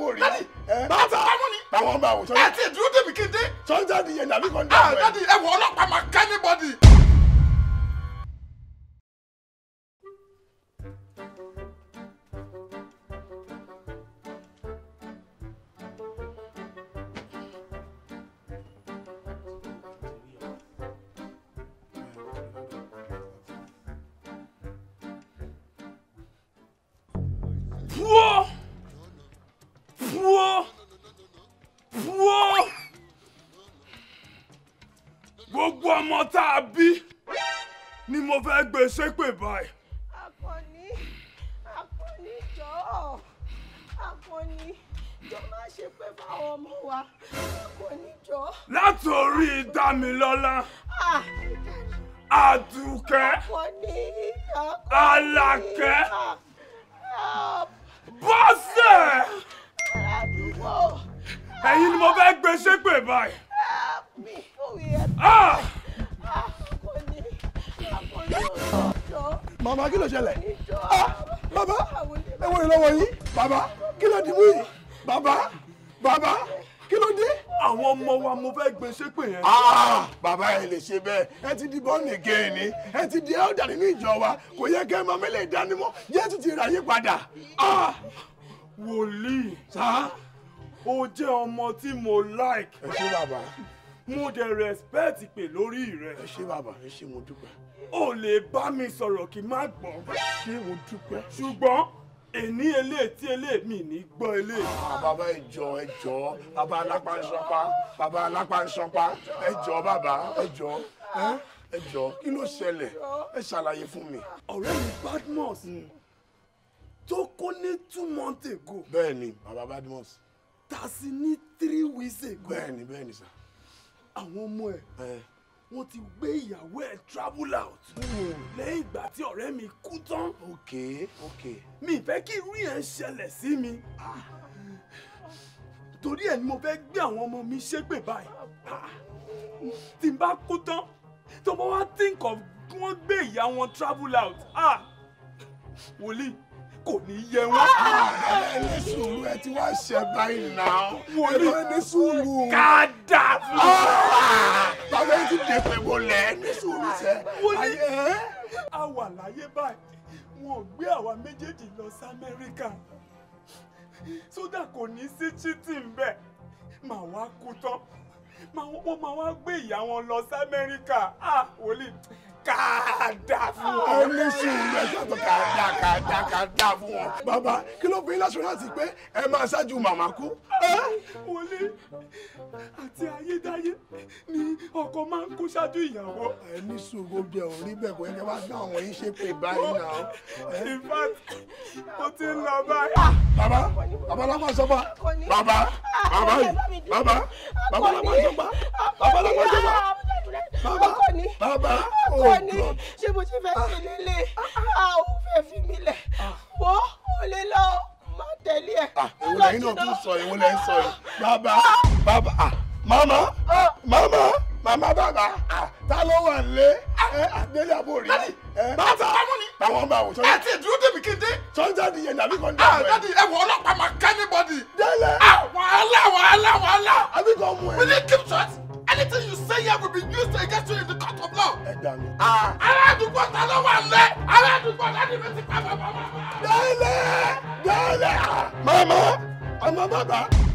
bó rí ẹ bàtà àwọn ọba àwòsàn. ẹ ti dúró débi kéde. sọ́njáde yẹn nàbí kan ah, dà bẹ́ẹ̀. jáde ẹ wọ ọlọ́pàá máa ká anybody. wo gbogbo ọmọ tá a bí ni mo fẹ́ gbé ṣépè báyìí. akọni akọni jọ̀ọ́ akọni jọ̀ọ́ má ṣe pé báwọn ọmọ wa akọni jọ̀ọ́. láti orí Dámilọ́lá Àdùkẹ́ Àlàkẹ́ Bọ́sẹ̀ ẹ̀yin ni mo fẹ́ gbé ṣépè báyìí. Ah! Ah, màmá kí ló ṣẹlẹ̀ ah, bàbá ewo ìlọ́wọ́ yìí bàbá kí ló dìbò yìí bàbá bàbá kí ló dé. àwọn ọmọ wa mo fẹ́ gbé ṣépè yẹn. bàbá ẹ lè ṣe bẹ́ẹ̀ ẹ ti di bọ́ọ̀nì gẹ́ẹ̀ ni ẹ ti di ẹ̀ọ́dà nínú ìjọ wa kò yẹ kẹ́ ẹ máa mẹ́lẹ̀ ìdánimọ̀ Jésù ti rà yín padà. wòlíì. sáà o jẹ́ ọmọ tí mo like. ẹ ṣé bàbá. mo dẹ̀ respect pè lori. rẹ. ẹ ṣé bàbá ẹ ṣé mo dúpẹ́. o lè bá mi sọ̀rọ̀ kí n má gbọ́n. ẹ ṣé mo dúpẹ́. ṣùgbọ́n èní ele tí elé mi ní gbọ́ elé. Ah, bàbá ẹjọ ẹjọ bàbá alápá ń sanpá bàbá alápá ń sanpá ẹjọ bàbá ẹjọ ẹjọ kí ló ṣẹlẹ̀ ẹ ṣàlàyé fún mi. ọ̀rẹ́ mi Badmus hmm. tó kó ní two months ago. bẹ́ẹ̀ ni Badmus ta sí ní three weeks ago. bẹ́ẹ̀ni bẹ́ẹ̀ni sir. àwọn ọmọ ẹ wọ́n ti gbé ìyàwó ẹ̀ travel out. lẹ́yìn ìgbà tí ọ̀rẹ́ mi kú tán. ok ok. mi fẹ́ kí irú yẹn ṣẹlẹ̀ sí mi. Ah. torí ẹ̀ ni mo fẹ́ gbé àwọn ọmọ mi ṣépè báyìí. Ah. tí n bá kú tán tó bá wá think of kí wọ́n gbé ìyá wọn travel out. Ah. wòlíì kò ní yẹ wọ́n. ẹ ní sùúrù ẹ ti wá ṣe báyìí náà. wọ́n ní ẹ ní sùúrù. káàdà fún ah! mi. bàbá ẹ ti dèpè bọ̀lẹ̀ ẹ ní sùúrù sẹ́. wọ́n ní a láyé báyìí wọn ò gbé àwa méjèèjì lọ sí amẹ́ríkà sódà kò ní sí cheating bẹ́ẹ̀ màá wá kú tán wọ́n máa wá gbé ìyá wọn lọ sí amẹ́ríkà wòlíì kàdá fún wọn. ẹ ní sùúrù ẹ ṣàtọ̀ kàdá kàdá kàdá fún wọn. bàbá kí ló fi lásán láti pé ẹ máa ṣáájú màmá kú. wòlíì àti ayédáyé ni ọkọ máa ń kó ṣáájú ìyàwó. ẹ ní sùúrù oúnjẹ ò rí bẹ́ẹ̀ kò yẹ kí wọ́n àwọn yìí ṣe pé báyìí náà. in fact mo ti ń lọ báyìí. bàbá bàbá lápá sọ́fà bàbá bàbá yìí. Baba, baba, bàbá bàbá baba, àjọpá bàbá làwọn baba, baba, bàbá oh ọkọni ṣé mo ti fẹ́ ṣe lélẹ̀ ah, ah, ah. a ò fẹ́ fi mi lẹ̀ wọ́ ò lè lọ má tẹ̀lé ẹ̀. èwo lẹ́yìn náà tún sọ èwo baba, baba, yìí bàbá bàbá màmá baba, màmá bàbá ta ló wà lé àdéhàbò eh, rí eh, bàtà báwọn bá wò sọ yìí. ẹ ti dúró dé Kinde. sọ́njà di yẹn nàbí kan dá mọ́ ẹ. àdàdì ẹ wọ ọlọ́pàá máa ká anybody. délé. Ah, wàhálà wàhálà wàhálà. àbí kan mú ẹ. will you keep short? anything you say here will be used against you in the court of law. ẹ dà mí. Ah, ará àdúgbò ta ló wà lẹ ará àdúgbò ta ni mi ti pa bàbá màmá. délé délé ah, màmá àmọ́ bàbá.